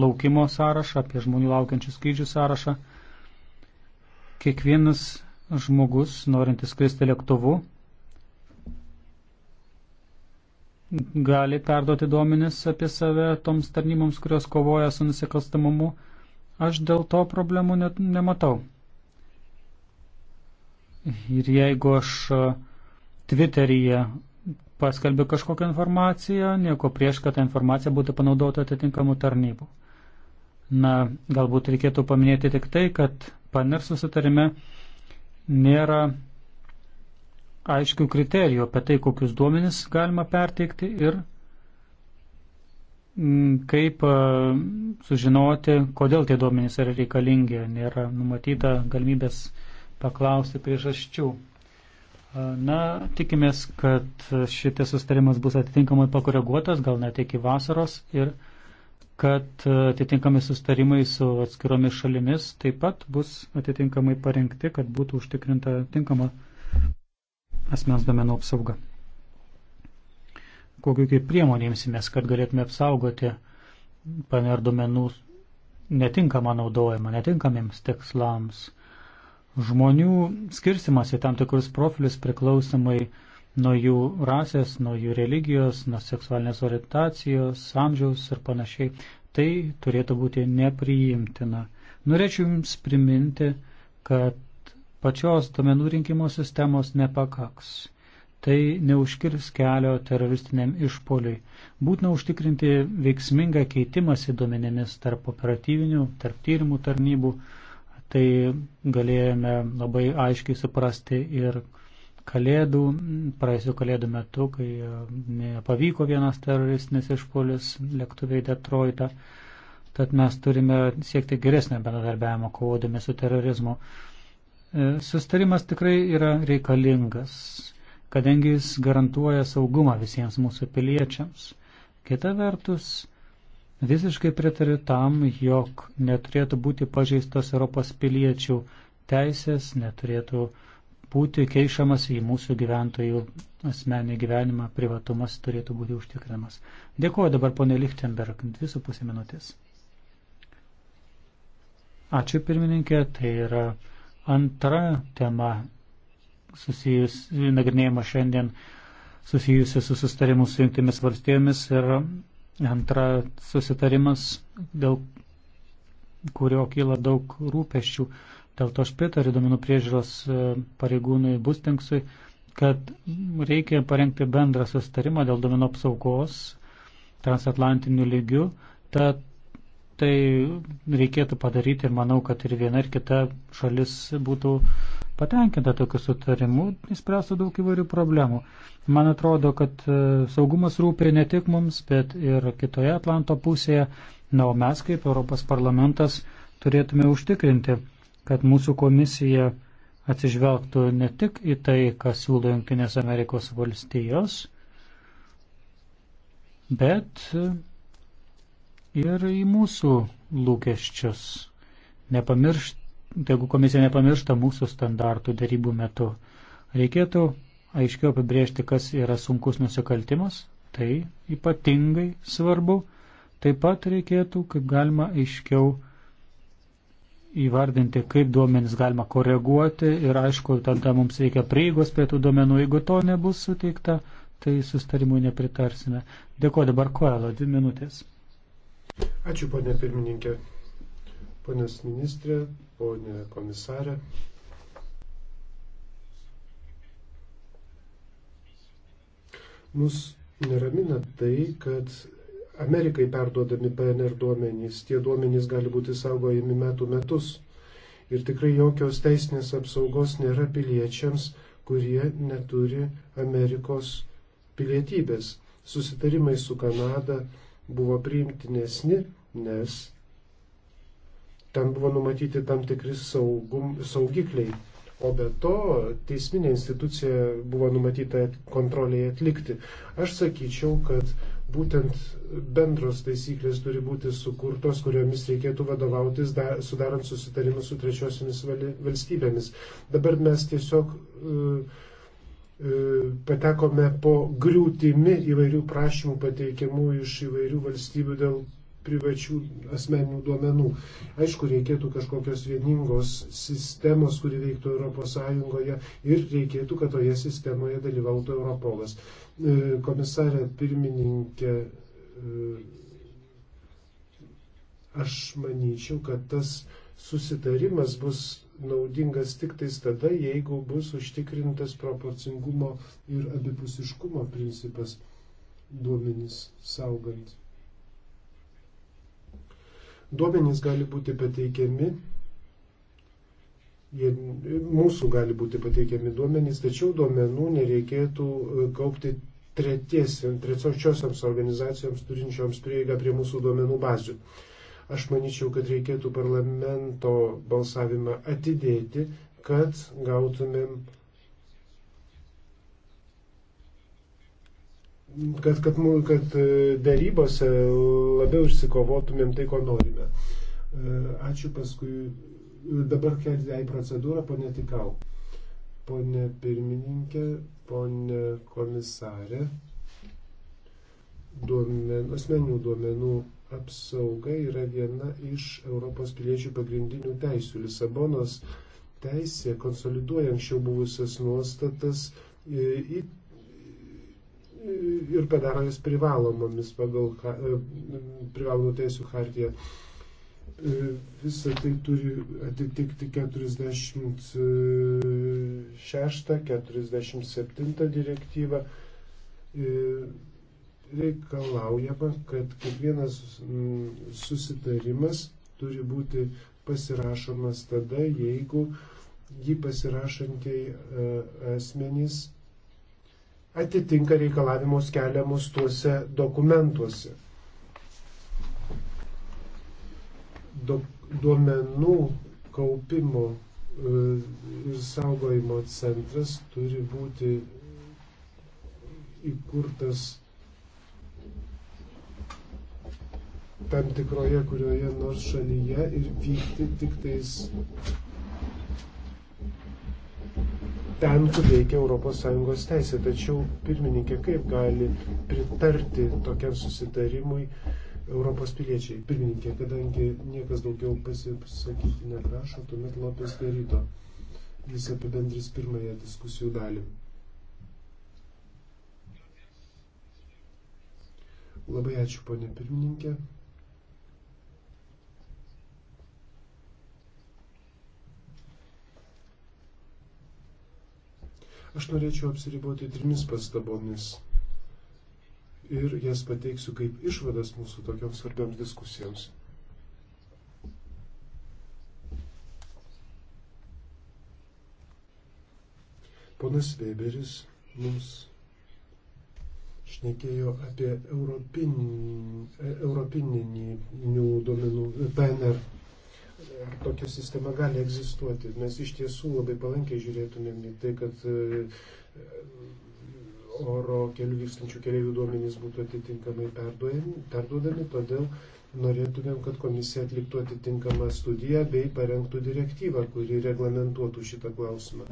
laukimo sąrašą, apie žmonių laukiančių skrydžių sąrašą. Kiekvienas žmogus, norintis skristi lėktuvu, gali perduoti duomenis apie save toms tarnyboms, kurios kovoja su nusikalstamumu. Aš dėl to problemų net nematau. Ir jeigu aš e, Twitteryje paskelbiu kažkokią informaciją, nieko prieš, kad ta informacija būtų panaudota atitinkamų tarnybų. Na, galbūt reikėtų paminėti tik tai, kad PANIR susitarime nėra aiškių kriterijų apie tai, kokius duomenis galima perteikti ir mm, kaip e, sužinoti, kodėl tie duomenys yra reikalingi. Nėra numatyta galimybės paklausti priežasčių. E, na, tikimės, kad šitas sustarimas bus atitinkamai pakoreguotas, gal net iki vasaros ir kad e, atitinkami sustarimai su atskiromis šalimis taip pat bus atitinkamai parengti, kad būtų užtikrinta tinkama asmens domenų apsauga. Kokiu kaip priemonėms mes, kad galėtume apsaugoti PNR domenų netinkamą naudojimą, netinkamiems tikslams. Žmonių skirsimas į tam tikrus profilius priklausomai uh, nuo jų rasės, nuo jų religijos, nuo seksualinės orientacijos, amžiaus ir panašiai. Tai turėtų būti nepriimtina. Norėčiau Jums priminti, kad pačios domenų rinkimo sistemos nepakaks. Tai neužkirs kelio teroristiniam išpoliui. Būtina užtikrinti veiksmingą keitimąsi duomenėmis tarp operatyvinių, tarp tyrimų tarnybų. Tai galėjome labai aiškiai suprasti ir kalėdų, praėjusių kalėdų metu, kai e, pavyko vienas teroristinis išpolis lėktuviai Detroitą. Tad mes turime siekti geresnio bendradarbiavimo kovodami su terorizmu. E, sustarimas tikrai yra reikalingas, kadangi jis garantuoja saugumą visiems mūsų piliečiams. Kita vertus, visiškai pritariu tam, jog neturėtų būti pažeistos Europos piliečių teisės, neturėtų būti keišamas į mūsų gyventojų asmenį gyvenimą, privatumas turėtų būti užtikrinamas. Dėkuoju dabar ponė Lichtenberg, dvi su pusė minutės. Ačiū pirmininkė, tai yra antra tema susijus, nagrinėjama šiandien susijusi su sustarimu su jungtimis valstybėmis ir antra susitarimas, dėl kurio kyla daug rūpeščių. Dėl to aš pritariu domenų priežiūros e, pareigūnui Bustingsui, kad reikia parengti bendrą sustarimą dėl domenų apsaugos transatlantinių lygių. Tad tai reikėtų padaryti ir manau, kad ir viena ir kita šalis būtų patenkinta tokiu sutarimu, įspręstų daug įvairių problemų. Man atrodo, kad e, saugumas rūpė ne tik mums, bet ir kitoje Atlanto pusėje. Na, o mes kaip Europos parlamentas turėtume užtikrinti, kad mūsų komisija atsižvelgtų ne tik į tai, kas siūlo Junktinės Amerikos valstijos, bet ir į mūsų lūkesčius. Nepamiršt, jeigu komisija nepamiršta mūsų standartų darybų metu, reikėtų aiškiau apibriežti, kas yra sunkus nusikaltimas, tai ypatingai svarbu. Taip pat reikėtų, kaip galima aiškiau, įvardinti, kaip duomenis galima koreguoti ir aišku, tada mums reikia prieigos prie tų duomenų. Jeigu to nebus suteikta, tai sustarimui nepritarsime. Dėkuoju dabar Koelo, dvi minutės. Ačiū, ponė pirmininkė, ponės ministrė, ponė komisarė. Mus neramina tai, kad Amerikai perduodami PNR duomenys. Tie duomenys gali būti saugojami metų metus. Ir tikrai jokios teisinės apsaugos nėra piliečiams, kurie neturi Amerikos pilietybės. Susitarimai su Kanada buvo priimtinesni, nes ten buvo numatyti tam tikri saugum, saugikliai. O be to, teisminė institucija buvo numatyta kontroliai atlikti. Aš sakyčiau, kad būtent bendros taisyklės turi būti sukurtos, kuriomis reikėtų vadovautis, da, sudarant susitarimus su trečiosiomis valstybėmis. Dabar mes tiesiog uh, uh, patekome po griūtimi įvairių prašymų pateikiamų iš įvairių valstybių dėl privačių asmeninių duomenų. Aišku, reikėtų kažkokios vieningos sistemos, kuri veiktų ES ir reikėtų, kad toje sistemoje dalyvautų Europolas. E, komisarė pirmininkė, e, aš manyčiau, kad tas susitarimas bus naudingas tik tais tada, jeigu bus užtikrintas proporcingumo ir abipusiškumo principas duomenys saugant. Duomenys gali būti pateikiami, jie, mūsų gali būti pateikiami duomenys, tačiau duomenų nereikėtų e, kaupti trečiosioms organizacijoms turinčioms prieigą prie mūsų duomenų bazių. Aš manyčiau, kad reikėtų parlamento balsavimą atidėti, kad gautumėm kad, kad, kad e, darybose labiau išsikovotumėm tai, ko norime. E, ačiū paskui. Dabar keliai procedūrą, ponė Tikau. Pone pirmininkė, ponė komisarė, duomen, asmenių duomenų apsauga yra viena iš Europos piliečių pagrindinių teisių. Lisabonos teisė konsoliduoja anksčiau buvusias nuostatas į e, ir padaro jas privalomomis pagal e, privalomų teisų hartiją. E, Visą tai turi atitikti 46-47 direktyvą. E, reikalaujama, kad kiekvienas mm, susitarimas turi būti pasirašomas tada, jeigu jį pasirašantieji asmenys atitinka reikalavimus keliamus tuose dokumentuose. Do, duomenų kaupimo e, ir saugojimo centras turi būti įkurtas tam tikroje kurioje nors šalyje ir vykti tik tais ten, kur veikia ES teisė. Tačiau, pirmininkė, kaip gali pritarti tokiam susitarimui Europos piliečiai? Pirmininkė, kadangi niekas daugiau pasisakyti neprašo, tuomet Lopės Garito. Jis apibendris pirmąją diskusijų dalį. Labai ačiū, ponė pirmininkė. Aš norėčiau apsiriboti trimis pastabomis ir jas pateiksiu kaip išvadas mūsų tokioms svarbioms diskusijoms. Ponas Weberis mums šnekėjo apie europinį, e, europinį duomenų e, PNR ar tokia sistema gali egzistuoti. Mes iš tiesų labai palankiai žiūrėtumėm į tai, kad e, oro kelių vykstančių keliaivių duomenys būtų atitinkamai perduodami, todėl norėtumėm, kad komisija atliktų atitinkamą studiją bei parengtų direktyvą, kuri reglamentuotų šitą klausimą.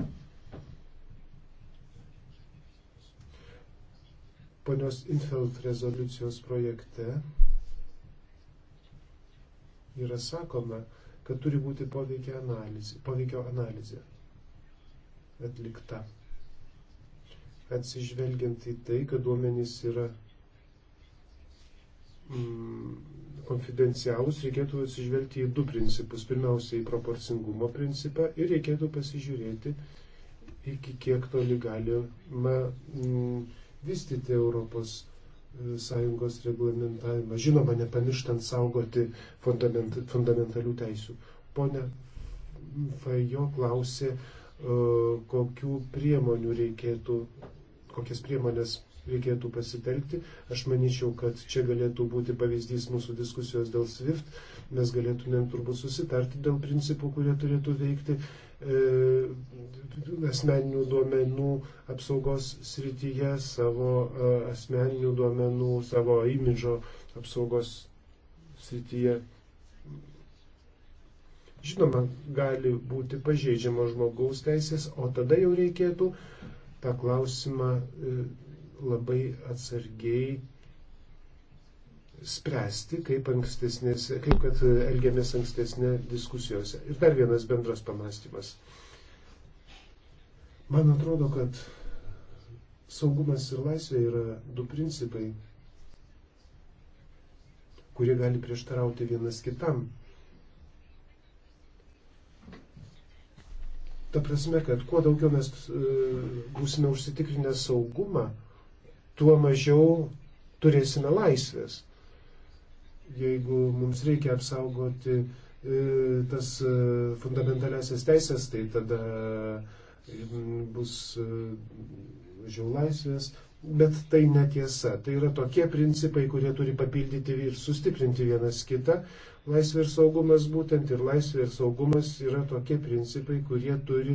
Ponios Infeld rezoliucijos projekte yra sakoma, kad turi būti poveikio analizė, poveikio analizė atlikta. Atsižvelgiant į tai, kad duomenys yra mm, konfidencialus, reikėtų atsižvelgti į du principus. Pirmiausia, į proporcingumo principą ir reikėtų pasižiūrėti, iki kiek toli galima mm, vystyti Europos sąjungos reglamentavimą, žinoma, nepamirštant saugoti fundament, fundamentalių teisių. Pone Fajo klausė, e, kokių priemonių reikėtų, kokias priemonės reikėtų pasitelkti. Aš manyčiau, kad čia galėtų būti pavyzdys mūsų diskusijos dėl SWIFT. Mes galėtumėm turbūt susitarti dėl principų, kurie turėtų veikti E, asmeninių duomenų apsaugos srityje, savo e, asmeninių duomenų, savo imidžo apsaugos srityje. Žinoma, gali būti pažeidžiamo žmogaus teisės, o tada jau reikėtų tą klausimą e, labai atsargiai spręsti, kaip, kaip kad elgiamės ankstesnė diskusijose. Ir dar vienas bendras pamastymas. Man atrodo, kad saugumas ir laisvė yra du principai, kurie gali prieštarauti vienas kitam. Ta prasme, kad kuo daugiau mes e, būsime užsitikrinę saugumą, tuo mažiau turėsime laisvės jeigu mums reikia apsaugoti e, tas e, fundamentaliasias teisės, tai tada e, bus mažiau laisvės, Bet tai netiesa. Tai yra tokie principai, kurie turi papildyti ir sustiprinti vienas kitą. Laisvė ir saugumas būtent ir laisvė ir saugumas yra tokie principai, kurie turi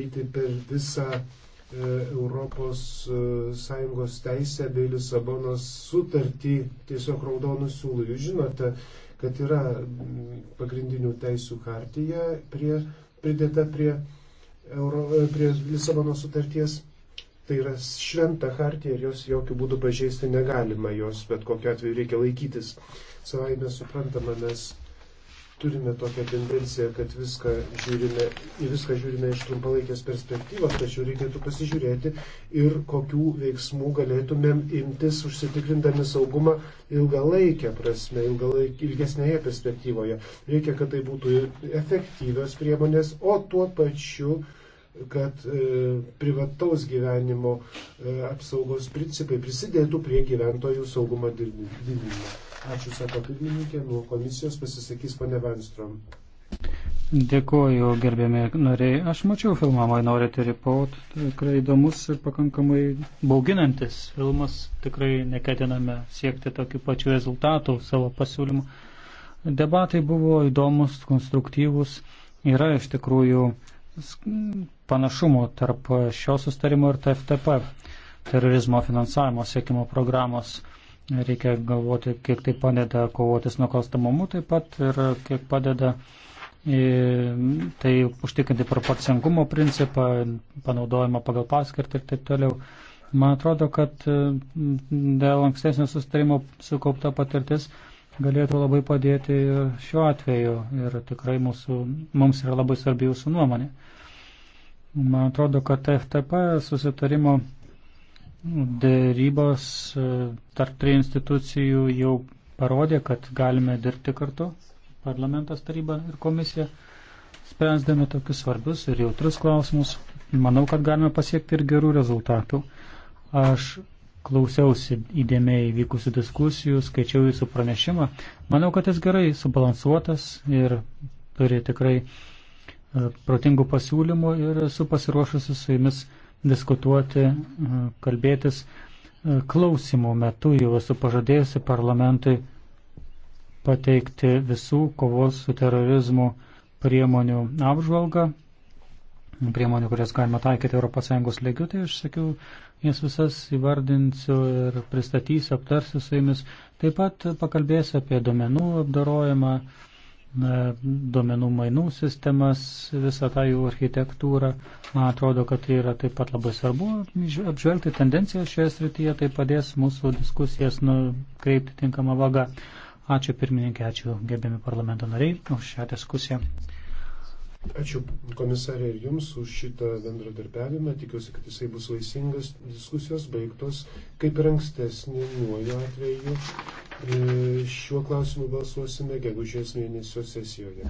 eiti per visą ES e, teisę bei Lisabonos sutartį tiesiog raudonų siūlų. Jūs žinote, kad yra pagrindinių teisų hartija prie, pridėta prie, Euro, e, prie Lisabonos sutarties. Tai yra šventa hartija ir jos jokių būdų pažeisti negalima, jos bet kokiu atveju reikia laikytis. Savaime suprantama, mes turime tokią tendenciją, kad viską žiūrime, į viską žiūrime iš trumpalaikės perspektyvos, tačiau reikėtų pasižiūrėti ir kokių veiksmų galėtumėm imtis užsitikrindami saugumą ilgalaikę prasme, ilgalaik, ilgesnėje perspektyvoje. Reikia, kad tai būtų efektyvios priemonės, o tuo pačiu kad e, privataus gyvenimo e, apsaugos principai prisidėtų prie gyventojų saugumo didinimo. Ačiū, sako pirmininkė, nuo komisijos pasisakys ponė Vanstrom. Dėkuoju, gerbėmi nariai. Aš mačiau filmą My Minority Report. Tikrai įdomus ir pakankamai bauginantis filmas. Tikrai neketiname siekti tokių pačių rezultatų savo pasiūlymų. Debatai buvo įdomus, konstruktyvus. Yra iš tikrųjų panašumų tarp šio sustarimo ir TFTP terorizmo finansavimo siekimo programos. Reikia galvoti, kiek tai padeda kovotis nuokalstamumu taip pat ir kiek padeda e, tai užtikrinti proporcingumo principą, panaudojimą pagal paskirtį ir taip toliau. Man atrodo, kad e, dėl ankstesnio sustarimo sukaupta patirtis galėtų labai padėti šiuo atveju ir tikrai mūsų, mums yra labai svarbi jūsų nuomonė. Man atrodo, kad FTP susitarimo Dėrybos e, tarp trijų institucijų jau parodė, kad galime dirbti kartu, parlamentas, taryba ir komisija, spręsdami tokius svarbius ir jautrus klausimus. Manau, kad galime pasiekti ir gerų rezultatų. Aš klausiausi įdėmiai vykusių diskusijų, skaičiau jūsų pranešimą. Manau, kad jis gerai subalansuotas ir turi tikrai e, protingų pasiūlymų ir esu pasiruošusi su jumis diskutuoti, kalbėtis. Klausimų metu jau esu pažadėjusi parlamentui pateikti visų kovos su terorizmu priemonių apžvalgą, priemonių, kurias galima taikyti ES lygiu, tai aš sakiau, jas visas įvardinsiu ir pristatysiu, aptarsiu su jumis. Taip pat pakalbėsiu apie domenų apdarojimą, duomenų mainų sistemas, visą tą jų architektūrą. Man atrodo, kad tai yra taip pat labai svarbu. Apžvelgti tendencijas šioje srityje tai padės mūsų diskusijas nukreipti tinkamą vagą. Ačiū pirmininkė, ačiū gerbiami parlamento nariai už šią diskusiją. Ačiū komisarė ir Jums už šitą bendradarbiavimą. Tikiuosi, kad jisai bus vaisingas. Diskusijos baigtos, kaip ir ankstesnėjuoju atveju. E, šiuo klausimu balsuosime gegužės mėnesio sesijoje.